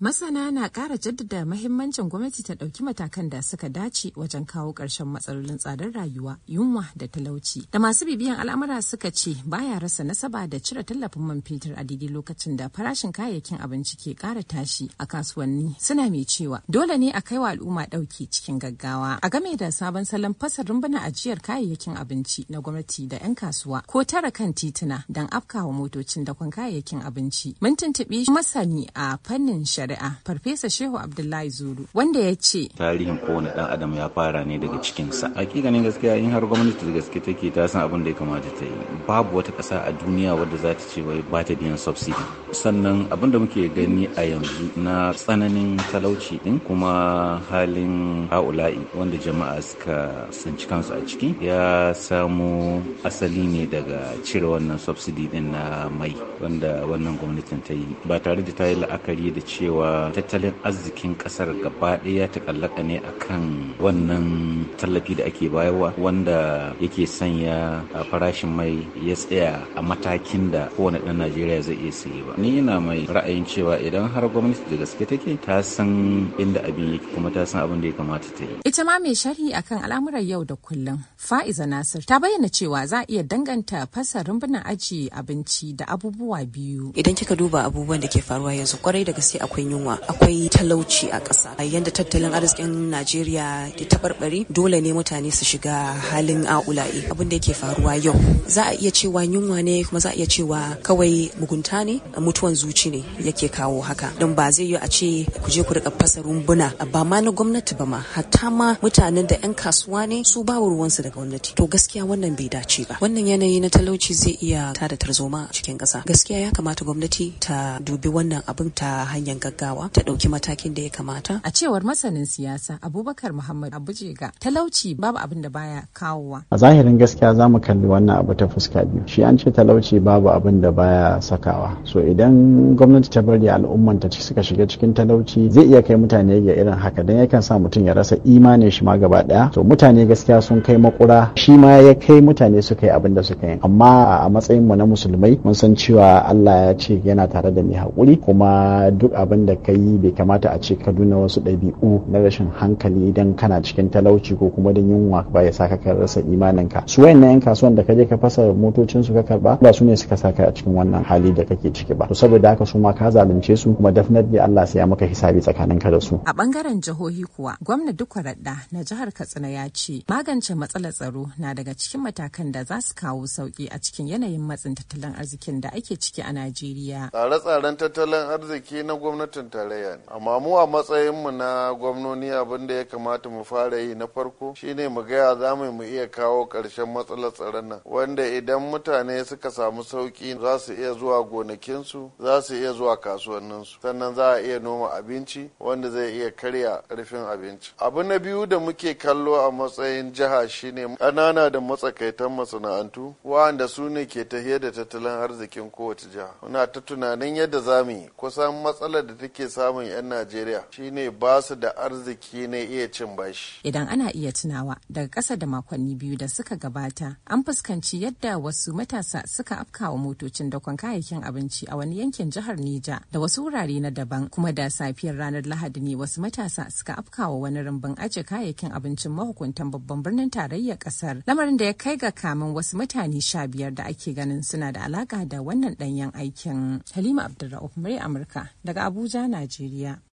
Masana na ƙara jaddada mahimmancin gwamnati ta ɗauki matakan da suka dace wajen kawo ƙarshen matsalolin tsadar rayuwa, yunwa da talauci. Da masu bibiyan al'amura suka ce baya rasa nasaba da cire tallafin man fetur a daidai lokacin da farashin kayayyakin abinci ke ƙara tashi a kasuwanni suna mai cewa dole ne a kai wa al'umma ɗauki cikin gaggawa. A game da sabon salon fasar rumbuna ajiyar kayayyakin abinci na gwamnati da 'yan kasuwa ko tara kan tituna don afkawa motocin dakon kayayyakin abinci. Mun tuntuɓi masani a fannin shari'a shari'a farfesa shehu abdullahi zuru wanda ya ce tarihin kowane dan adam ya fara ne daga cikinsa hakikanin gaskiya in har gwamnati da gaske take ta san abin da ya kamata ta yi babu wata ƙasa a duniya wadda za ta ce wai ba ta biyan subsidy sannan abin da muke gani a yanzu na tsananin talauci din kuma halin haula'i wanda jama'a suka tsinci kansu a ciki ya samo asali ne daga cire wannan subsidy din na mai wanda wannan gwamnatin ta yi ba tare da ta yi la'akari da cewa cewa tattalin arzikin kasar gaba ɗaya kallaka ne kan wannan tallafi da ake bayarwa wanda yake sanya a farashin mai ya tsaya a matakin da kowane ɗan najeriya zai iya saye ba ni ina mai ra'ayin cewa idan har gwamnati da gaske take ta san inda abin yake kuma ta san abin da ya kamata ta yi ita ma mai sharhi akan al'amuran yau da kullum fa'iza nasir ta bayyana cewa za a iya danganta fasa rumbunan ajiye abinci da abubuwa biyu idan kika duba abubuwan da ke faruwa yanzu kwarai da gaske akwai yunwa akwai talauci a ƙasa yadda tattalin arzikin najeriya ya taɓarɓare dole ne mutane su shiga halin a'ula'i abin da yake faruwa yau za a iya cewa yunwa ne kuma za a iya cewa kawai mugunta ne mutuwan zuci ne yake kawo haka don ba zai yi a ce ku je ku rika fasa rumbuna ba ma na gwamnati ba ma hatta ma mutanen da 'yan kasuwa ne su ba ruwansu da gwamnati to gaskiya wannan bai dace ba wannan yanayi na talauci zai iya tada tarzoma a cikin ƙasa gaskiya ya kamata gwamnati ta dubi wannan abin ta hanyar gaggawa gaggawa ta ɗauki matakin da ya kamata. A cewar masanin siyasa Abubakar Muhammad Abujega talauci babu abin da baya kawowa. A zahirin gaskiya za mu kalli wannan abu ta fuska biyu. Shi an ce talauci babu abin da baya sakawa. So idan gwamnati ta bari al'umman ta suka shiga cikin talauci zai iya kai mutane ga irin haka dan yakan sa mutum ya rasa imanin shi ma gaba daya. To mutane gaskiya sun kai makura shi ma ya kai mutane suka yi abin da suka yi. Amma a matsayin mu na musulmai mun san cewa Allah ya ce yana tare da mai haƙuri kuma duk abin da ka yi bai kamata a ce ka nuna wasu ɗabi'u na rashin hankali idan kana cikin talauci ko kuma don yunwa ba ya saka ka rasa imanin ka su na yan kasuwan da ka je ka fasa motocin su ka karba ba su ne suka saka a cikin wannan hali da kake ciki ba to saboda haka su ma ka zalunce su kuma definitely Allah sai ya maka hisabi tsakanin ka da su a bangaren jihohi kuwa gwamna Dukwaradda na jihar Katsina ya ce magance matsalar tsaro na daga cikin matakan da za su kawo sauki a cikin yanayin matsin tattalin arzikin da ake ciki a Najeriya tsare-tsaren tattalin arziki na gwamnati gwamnatin tarayya ne amma mu a matsayinmu na gwamnoni abin da ya kamata mu fara yi na farko shine mu gaya za mu iya kawo ƙarshen matsalar tsaron nan wanda idan mutane suka samu sauƙi za su iya zuwa gonakinsu za su iya zuwa kasuwanninsu sannan za a iya noma abinci wanda zai iya karya ƙarfin abinci abu na biyu da muke kallo a matsayin jiha shine ƙanana da matsakaitan masana'antu wanda su ne ke tahiyar da tattalin arzikin kowace jiha muna ta tunanin yadda za mu yi kusan matsalar da suke samun 'yan Najeriya shine ba su da arziki ne iya cin bashi. Idan ana iya tunawa daga ƙasa da makonni biyu da suka gabata an fuskanci yadda wasu matasa suka afkawa motocin dakon kayayyakin abinci a wani yankin jihar Nija da wasu wurare na daban kuma da safiyar ranar Lahadi ne wasu matasa suka afkawa wani rumbun aje kayayyakin abincin mahukuntan babban birnin tarayyar ƙasar lamarin da ya kai ga kamin wasu mutane sha biyar da ake ganin suna da alaka da wannan ɗanyen aikin. Halima Abdulrahman Murya Amurka daga Abuja. Abuja, Najeriya.